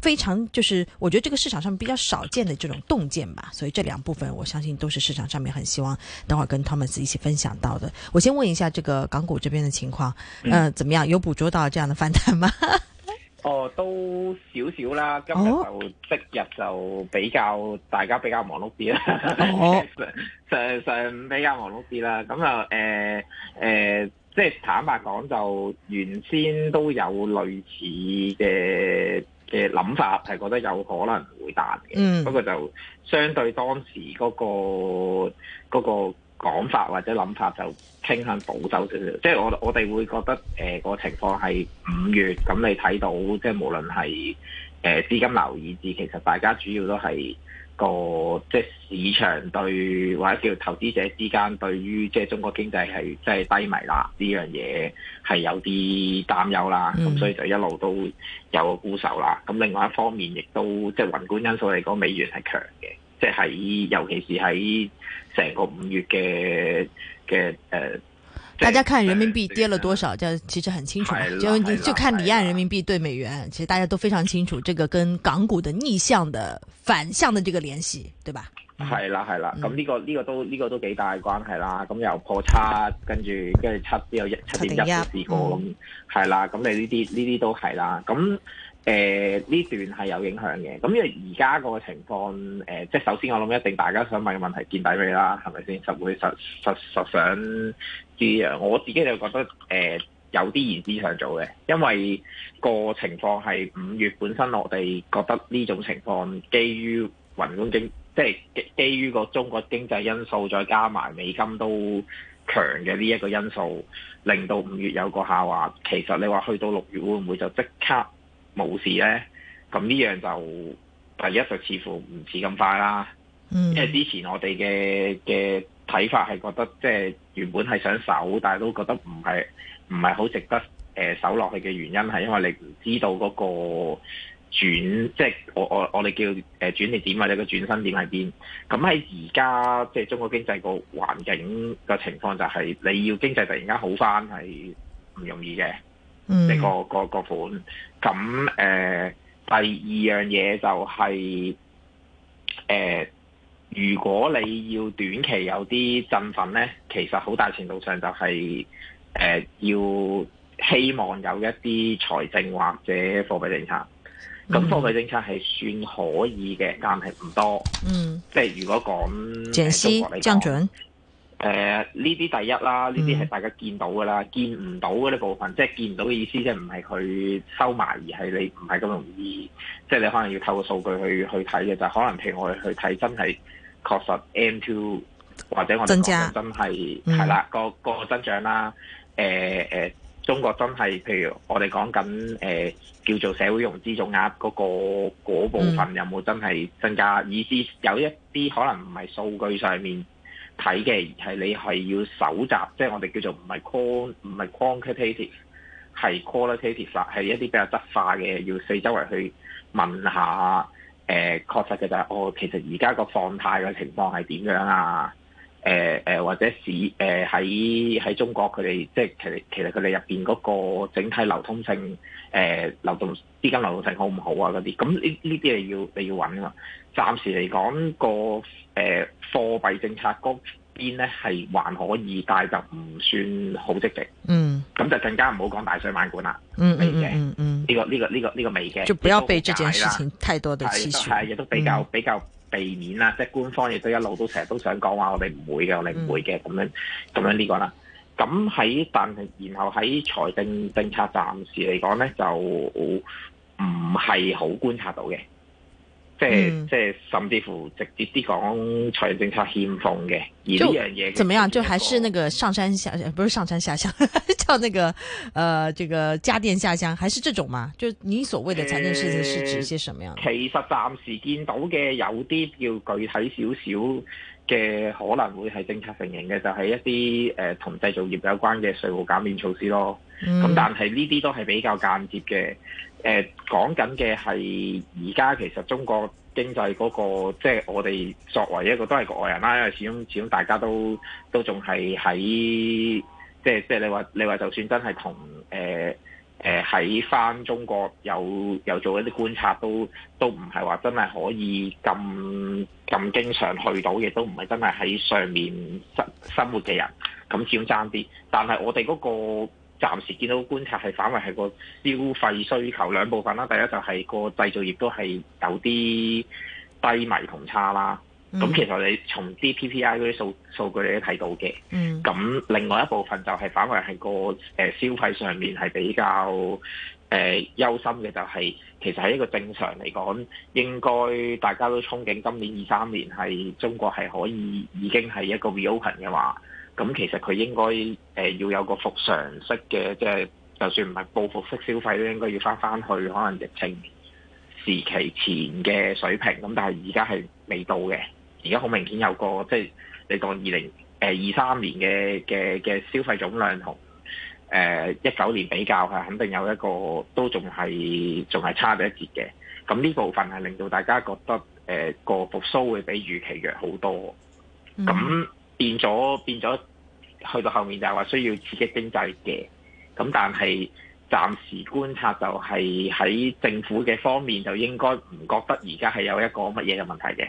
非常就是，我覺得這個市場上比較少見的這種洞見吧，所以這兩部分我相信都是市場上面很希望等會跟 Thomas 一起分享到的。我先問一下這個港股這邊的情況，嗯，呃、怎麼樣？有捕捉到這樣的反彈嗎？ 哦，都少少啦，今日就、哦、即日就比較大家比較忙碌啲啦。哦， 上上、上比較忙碌啲啦，咁啊，誒、呃、誒、呃，即係坦白講，就原先都有類似嘅。嘅諗法係覺得有可能會彈嘅、嗯，不過就相對當時嗰、那個嗰講、那個、法或者諗法就傾向保守啲啲，即、就、係、是、我我哋會覺得誒、呃那個情況係五月咁，你睇到即係、就是、無論係誒資金流以至，其實大家主要都係。個即係市場對或者叫投資者之間對於即係中國經濟係真係低迷啦呢樣嘢係有啲擔憂啦，咁、mm. 所以就一路都有個沽守啦。咁另外一方面亦都即係宏觀因素嚟講，美元係強嘅，即係喺尤其是喺成個五月嘅嘅誒。大家看人民幣跌了多少，就其實很清楚，就就看離岸人民幣對美元，其實大家都非常清楚，這個跟港股的逆向的反向的這個聯繫，對吧？係啦係啦，咁呢個呢個都呢個都幾大的關係啦。咁又破七，跟住跟住七，又一七點一試過咁，係、嗯、啦。咁你呢啲呢啲都係啦。咁誒呢段係有影響嘅。咁因為而家個情況誒、呃，即係首先我諗一定大家想問嘅問題見底未啦？係咪先？就會實實實，實想。我自己就覺得、呃、有啲言之上做言之尚早嘅，因為個情況係五月本身，我哋覺得呢種情況基於宏觀經，即係基於個中國經濟因素，再加埋美金都強嘅呢一個因素，令到五月有個下滑。其實你話去到六月會唔會就即刻冇事呢？咁呢樣就第一就似乎唔似咁快啦。因、嗯、為之前我哋嘅嘅。睇法係覺得即係原本係想守，但係都覺得唔係唔係好值得誒守落去，嘅原因係因為你唔知道嗰個轉，即係我我我哋叫誒轉，你點呀？你個轉身點喺邊？咁喺而家即係中國經濟個環境個情況，就係你要經濟突然間好返係唔容易嘅，你個個個款。咁誒、呃、第二樣嘢就係、是、誒。呃如果你要短期有啲振奮咧，其實好大程度上就係、是、誒、呃、要希望有一啲財政或者貨幣政策。咁貨幣政策係算可以嘅、嗯，但係唔多。嗯，即係如果講中、嗯、國嚟講，誒呢啲第一啦，呢啲係大家見到噶啦，嗯、見唔到嗰啲部分，即係見唔到嘅意思，即係唔係，佢收埋，而係你唔係咁容易，即係你可能要透過數據去去睇嘅，就可能譬如我哋去睇真係。確實 M2 或者我哋講真係係啦，個個增長啦，誒、呃、中國真係譬如我哋講緊誒叫做社會融資總額嗰個嗰、那個、部分有冇真係增加？嗯、意思有一啲可能唔係數據上面睇嘅，而係你係要搜集，即、就、係、是、我哋叫做唔係 con 唔係 quantitative，係 qualitative，係一啲比較質化嘅，要四周圍去問下。誒、呃，確實嘅就係、是，哦，其實而家個放貸嘅情況係點樣啊？誒、呃、誒、呃，或者市誒喺喺中國佢哋，即係其實其實佢哋入邊嗰個整體流通性誒、呃，流動資金流動性好唔好啊？嗰啲，咁呢呢啲你要你要揾啊暫時嚟講、那個誒貨幣政策嗰邊咧係還可以，但係就唔算好積極。嗯。咁就更加唔好講大水漫灌啦。嗯嗯嗯。嗯嗯嗯呢、這個呢、這個呢、這個呢、這個未嘅，就不要被這件事情太多的期許，係亦都，都比較比較避免啦、嗯。即係官方亦都一路都成日都想講話，我哋唔會嘅，我哋唔會嘅咁樣咁樣呢個啦。咁喺但係，然後喺財政政策暫時嚟講咧，就唔係好觀察到嘅。即係、嗯、即係，甚至乎直接啲講，財政政策欠奉嘅。而呢樣嘢怎麼樣？就還是那個上山下不是上山下鄉， 叫那個誒、呃，這個家電下鄉，還是這種嗎？就你所謂的財政事情是指一些什麼樣、呃、其實暫時見到嘅有啲要具體少少嘅，可能會係政策承認嘅，就係、是、一啲誒同製造業有關嘅稅務減免措施咯。咁、嗯嗯、但係呢啲都係比較間接嘅。誒講緊嘅係而家其實中國經濟嗰個，即係我哋作為一個都係外人啦，因為始終始終大家都都仲係喺，即係即係你話你話就算真係同誒喺翻中國有有做一啲觀察都，都都唔係話真係可以咁咁經常去到嘅，都唔係真係喺上面生生活嘅人，咁始終爭啲。但係我哋嗰個。暫時見到觀察係反為係個消費需求兩部分啦，第一就係個製造業都係有啲低迷同差啦。咁、mm. 其實你從啲 PPI 嗰啲數數據你都睇到嘅。咁、mm. 另外一部分就係反為係個誒消費上面係比較誒憂心嘅，就係、是、其實喺一個正常嚟講，應該大家都憧憬今年二三年係中國係可以已經係一個 reopen 嘅話。咁其實佢應該誒要有個復常式嘅，即係就算唔係報復式消費都應該要翻翻去可能疫情時期前嘅水平。咁但係而家係未到嘅，而家好明顯有個即係你當二零誒二三年嘅嘅嘅消費總量同誒一九年比較係肯定有一個都仲係仲係差咗一截嘅。咁呢部分係令到大家覺得誒個復甦會比預期弱好多。咁變咗變咗，去到後面就係話需要刺激經濟嘅。咁但係暫時觀察就係喺政府嘅方面，就應該唔覺得而家係有一個乜嘢嘅問題嘅，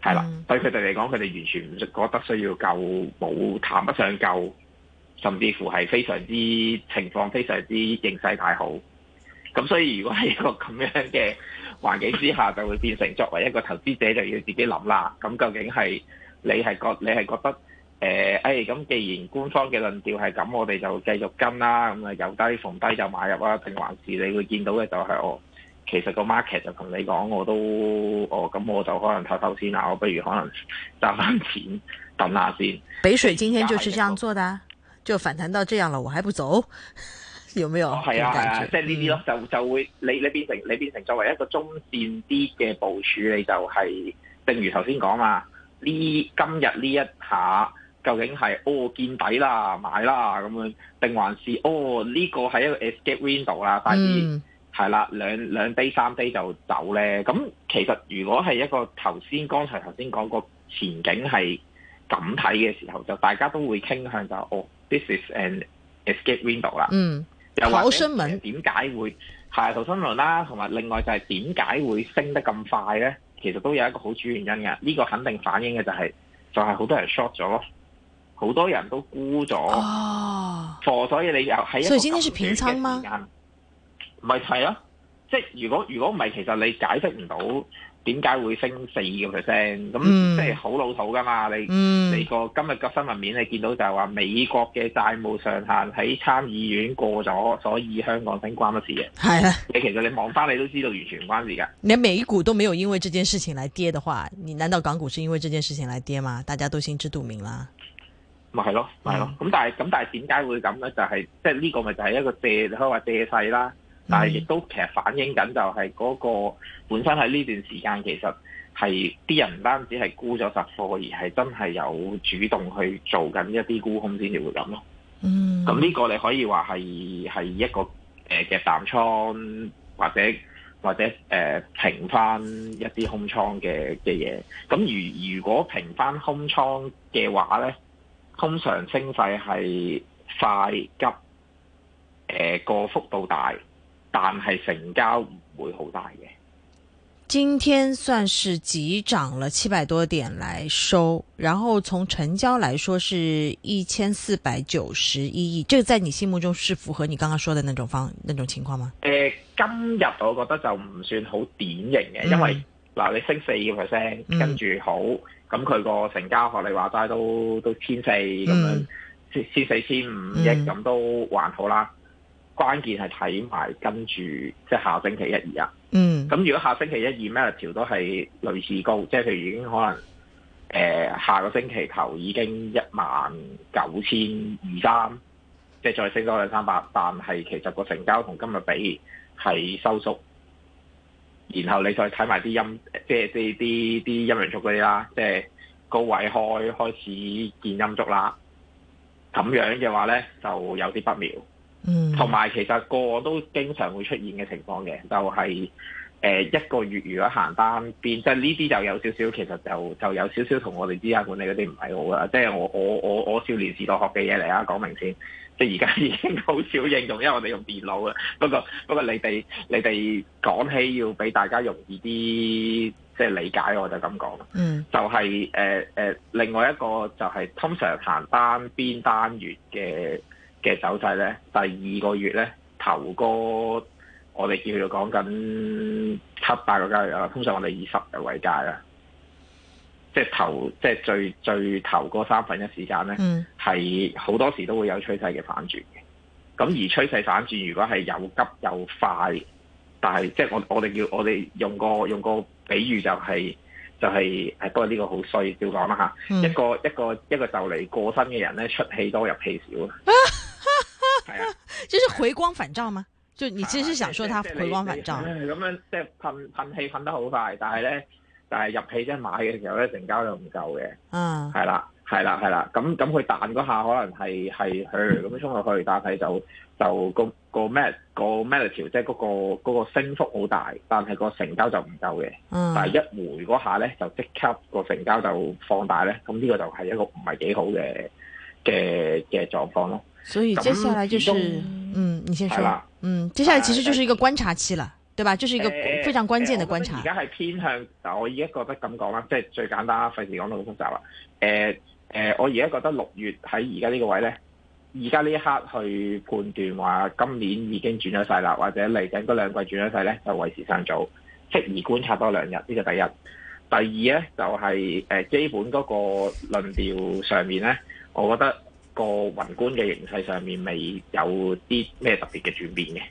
係啦、嗯。對佢哋嚟講，佢哋完全唔覺得需要救，冇談不上救，甚至乎係非常之情況，非常之形勢太好。咁所以如果喺個咁樣嘅環境之下，就會變成 作為一個投資者就要自己諗啦。咁究竟係？你係覺你係覺得誒誒咁，是哎、既然官方嘅論調係咁，我哋就繼續跟啦。咁啊，由低逢低就買入啦，定還是你會見到嘅就係、是、我、哦、其實個 market 就同你講，我都我咁、哦、我就可能偷偷先啊，我不如可能賺翻錢 等下先。北水今天就是這樣做的，就反彈到這樣了。我還不走，有沒有？係、哦、啊，啊。嗯、即係呢啲咯，就就會你你變成你變成作為一個中線啲嘅部署，你就係、是、正如頭先講嘛。呢今日呢一下究竟係哦見底啦買啦咁樣，定還是哦呢、這個係一個 escape window 啦？但係係啦，兩兩日三日就走咧。咁、嗯嗯、其實如果係一個頭先剛才頭先講個前景係咁睇嘅時候，就大家都會傾向就哦，this is an escape window 啦。嗯，跑新聞點解會係啊逃生論啦？同埋、啊啊、另外就係點解會升得咁快咧？其實都有一個好主要原因嘅，呢、這個肯定反映嘅就係、是、就係、是、好多人 short 咗，好多人都沽咗貨，oh。所以你又喺。所以今天是平倉嗎？唔、就、係、是，係咯，即係如果如果唔係，其實你解釋唔到。點解會升四個 percent？咁即係好老土噶嘛？你、嗯、你個今日嘅新聞面你見到就係話美國嘅債務上限喺參議院過咗，所以香港升關乜事嘅？係啦，你其實你望翻你都知道完全唔關事噶。你美股都沒有因為這件事情嚟跌嘅話，你難道港股是因為這件事情嚟跌嗎？大家都心知肚明啦。咪係咯，係咯。咁但係咁但係點解會咁咧？就係、是嗯就是、即係呢個咪就係一個借可以話借勢啦。但係亦都其實反映緊就係嗰個本身喺呢段時間其實係啲人唔單止係沽咗實貨，而係真係有主動去做緊一啲沽空先至會咁咯。咁呢個你可以話係係一個誒嘅、呃、淡倉，或者或者誒、呃、平翻一啲空倉嘅嘅嘢。咁如如果平翻空倉嘅話咧，通常升勢係快急，誒、呃、個幅度大。但係成交唔會好大嘅。今天算是急漲了七百多點來收，然後從成交來說是一千四百九十一億，這個在你心目中是符合你剛剛說的那種方那種情況嗎？誒，今日我覺得就唔算好典型嘅，um, 因為嗱，你升四個 percent，、um, 跟住好，咁佢個成交學你話齋都都千四咁樣，千四千五億咁都還好啦。關鍵係睇埋跟住，即係下星期一二啊。嗯。咁如果下星期一二咩都調都係類似高，即係佢已經可能呃下個星期頭已經一萬九千二三，即係再升多兩三百，但係其實個成交同今日比係收縮。然後你再睇埋啲陰，即係啲啲啲陰陽燭嗰啲啦，即係高位開開始見陰燭啦。咁樣嘅話咧，就有啲不妙。同、嗯、埋其實個個都經常會出現嘅情況嘅，就係、是、誒一個月如果行單邊，即係呢啲就有少少，其實就就有少少同我哋資產管理嗰啲唔係好啊，即、就、係、是、我我我我少年時代學嘅嘢嚟啊，講明先，即係而家已經好少應用，因為我哋用電腦啦。不過不過你哋你哋講起要俾大家容易啲即係理解，我就咁講，就係、是、誒、呃呃、另外一個就係通常行單邊單月嘅。嘅走勢咧，第二個月咧，頭個我哋叫做講緊七八個交易日啦，通常我哋以十日為界啦。即係頭，即係最最頭嗰三分一時間咧，係、mm. 好多時都會有趨勢嘅反轉嘅。咁而趨勢反轉，如果係又急又快，但係即係我我哋叫我哋用個用個比喻就係、是、就係、是、不過呢個好衰，少講啦吓。一個一個一個就嚟過身嘅人咧，出氣多入氣少。 係啊，即係回光返照嗎？ 就你即係想說佢回光返照？咁樣即係噴噴氣噴得好快，但係咧，但係入氣即係買嘅時候咧，成交量唔夠嘅。嗯、啊，係啦，係啦，係啦。咁咁佢彈嗰下可能係係去咁衝落去，但係就就、嗰個、嗰個咩、就係嗰個咩條，即係嗰個嗰個升幅好大，但係個成交就唔夠嘅。嗯，但係一回嗰下咧，就即刻個成交就放大咧。咁呢個就係一個唔係幾好嘅嘅嘅狀況咯。所以接下來就是，嗯，你先說，嗯，接下來其實就是一個觀察期啦、呃，對吧？就是一個非常關鍵的觀察。而家係偏向，我而家覺得咁講啦，即係最簡單，費事講到好複雜啦。誒、呃、誒、呃，我而家覺得六月喺而家呢個位咧，而家呢一刻去判斷話今年已經轉咗勢啦，或者嚟緊嗰兩季轉咗勢咧，就為時尚早，適宜觀察多兩日。呢個第一，第二咧就係誒基本嗰個論調上面咧，我覺得。個宏觀嘅形勢上面未有啲咩特別嘅轉變嘅、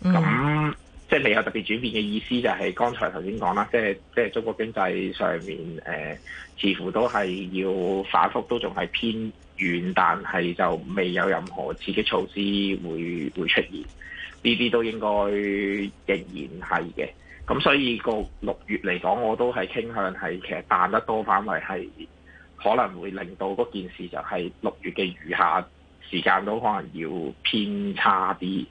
mm -hmm.，咁即係未有特別轉變嘅意思就係剛才頭先講啦，即係即係中國經濟上面誒、呃，似乎都係要反覆都仲係偏軟，但係就未有任何刺激措施會會出現，呢啲都應該仍然係嘅。咁所以個六月嚟講，我都係傾向係其實彈得多翻嚟係。可能會令到嗰件事就係六月嘅餘下時間都可能要偏差啲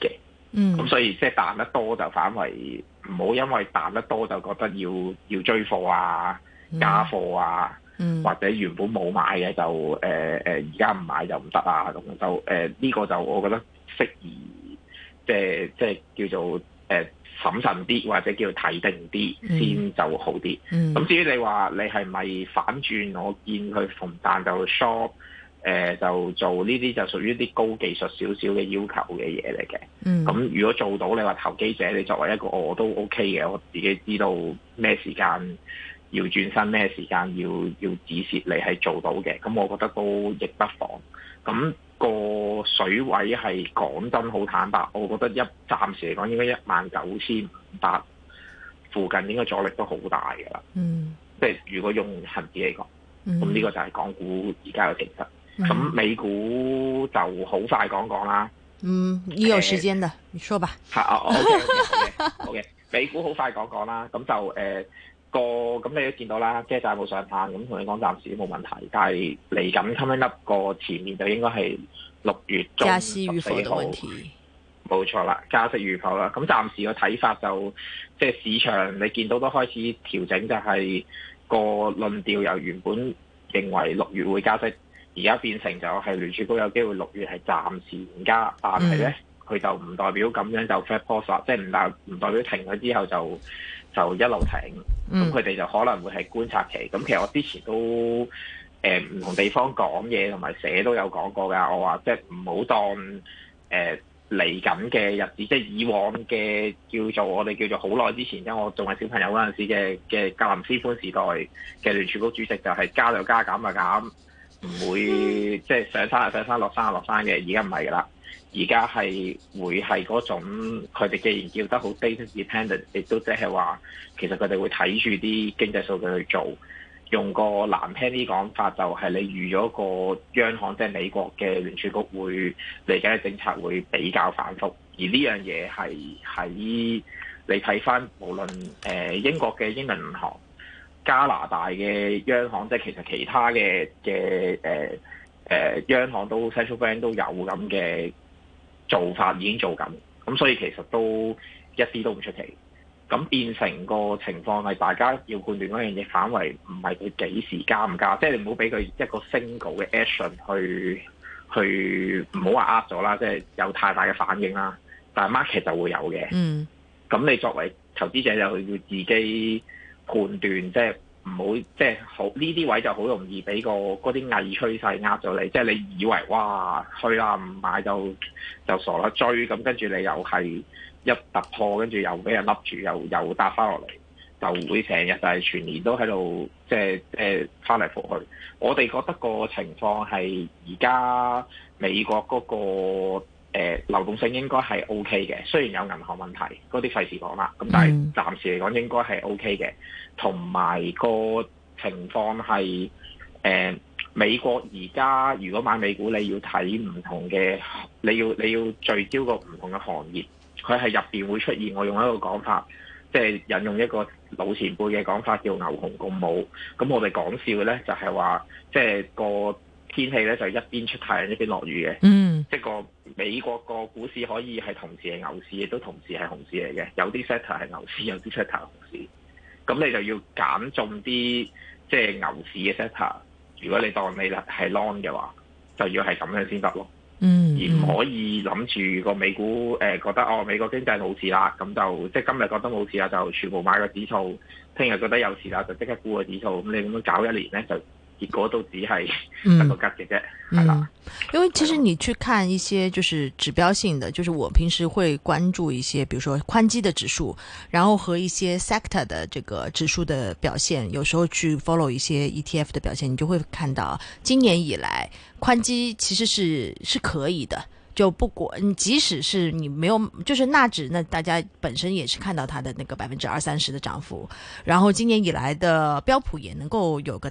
嘅，嗯，咁所以即係彈得多就反為唔好，因為彈得多就覺得要要追貨啊、加貨啊，嗯、或者原本冇買嘅就誒誒，而家唔買就唔得啊，咁就誒呢、呃這個就我覺得適宜，即係即係叫做誒。呃審慎啲，或者叫睇定啲先就好啲。咁、mm -hmm. 至於你話你係咪反轉我，我見佢逢彈就去 shop，誒、呃、就做呢啲就屬於啲高技術少少嘅要求嘅嘢嚟嘅。咁、mm -hmm. 如果做到你話投機者，你作為一個我，我都 OK 嘅，我自己知道咩時間要轉身，咩時間要要指示你係做到嘅。咁我覺得都亦不妨咁。個水位係講真好坦白，我覺得一暫時嚟講應該一萬九千八附近，應該阻力都好大噶啦。嗯，即係如果用恒指嚟講，咁、嗯、呢個就係港股而家嘅情勢。咁、嗯、美股就好快講講啦。嗯，你有時間的，呃、你說吧。係、啊、哦，OK OK OK，, okay, okay 美股好快講講啦。咁就誒。呃個咁你都見到啦，即係債務上限，咁同你講暫時都冇問題。但係嚟緊 coming up 個前面就應該係六月中十四號加息與否，冇錯啦，加息與否啦。咁暫時個睇法就即係市場你見到都開始調整，就係、是、個論調由原本認為六月會加息，而家變成就係聯儲局有機會六月係暫時唔加，但係咧佢就唔代表咁樣就 flat pause 即係唔代唔代表停咗之後就就一路停，咁佢哋就可能會係觀察期。咁其實我之前都誒唔、呃、同地方講嘢同埋寫都有講過㗎。我話即係唔好當誒嚟緊嘅日子，即係以往嘅叫做我哋叫做好耐之前，因為我仲係小朋友嗰陣時嘅嘅格林斯潘時代嘅聯儲局主席，就係加就加，減就減，唔會即係上山就上山，落山就落山嘅。而家唔係㗎啦。而家係會係嗰種，佢哋既然叫得好 data dependent，亦都即係話，其實佢哋會睇住啲經濟數據去做。用個難聽啲講法，就係你預咗個央行，即係美國嘅聯儲局會嚟緊嘅政策會比較反覆。而呢樣嘢係喺你睇翻，無論誒英國嘅英文銀行、加拿大嘅央行，即係其實其他嘅嘅誒誒央行都 central bank 都有咁嘅做法已經做緊，咁所以其實都一啲都唔出奇，咁變成個情況係大家要判斷嗰樣嘢反為唔係佢幾時加唔加，即係你唔好俾佢一個 single 嘅 action 去去唔好話呃咗啦，即係有太大嘅反應啦，但係 market 就會有嘅，嗯，咁你作為投資者就要自己判斷，即係。唔好即係好呢啲位就好容易俾個嗰啲偽趨勢呃咗你，即係你以為哇去啦，唔買就就傻啦追咁，跟住你又係一突破，跟住又俾人笠住，又又搭翻落嚟，就會成日就係全年都喺度即係返翻嚟覆去。我哋覺得個情況係而家美國嗰個誒流動性應該係 O K 嘅，雖然有銀行問題，嗰啲費事講啦。咁但係暫時嚟講應該係 O K 嘅。嗯。同埋個情況係，誒、嗯、美國而家如果買美股，你要睇唔同嘅，你要你要聚焦個唔同嘅行業，佢係入邊會出現。我用一個講法，即係引用一個老前輩嘅講法，叫牛熊共舞。咁我哋講笑嘅咧，就係話，即係個天氣咧就一邊出太陽一邊落雨嘅。嗯，即係個美國個股市可以係同時係牛市，亦都同時係熊市嚟嘅。有啲 sector 係牛市，有啲 sector 係熊市。咁你就要揀中啲即係牛市嘅 sector。如果你當你係 long 嘅話，就要係咁樣先得咯。嗯、mm -hmm.，而唔可以諗住個美股誒、呃、覺得哦美國經濟好市啦，咁就即係今日覺得冇事啦，就全部買個指數。聽日覺得有事啦，就即刻沽個指數。咁你咁樣搞一年咧就。結果都只係一個格局係，因為其實你去看一些就是指標性的，就是我平時會關注一些，比如說寬基的指數，然後和一些 sector 的這個指數的表現，有時候去 follow 一些 ETF 的表現，你就會看到今年以來寬基其實是是可以的，就不管你，即使是你沒有，就是納指，那大家本身也是看到它的那個百分之二三十的漲幅，然後今年以來的標普也能夠有個。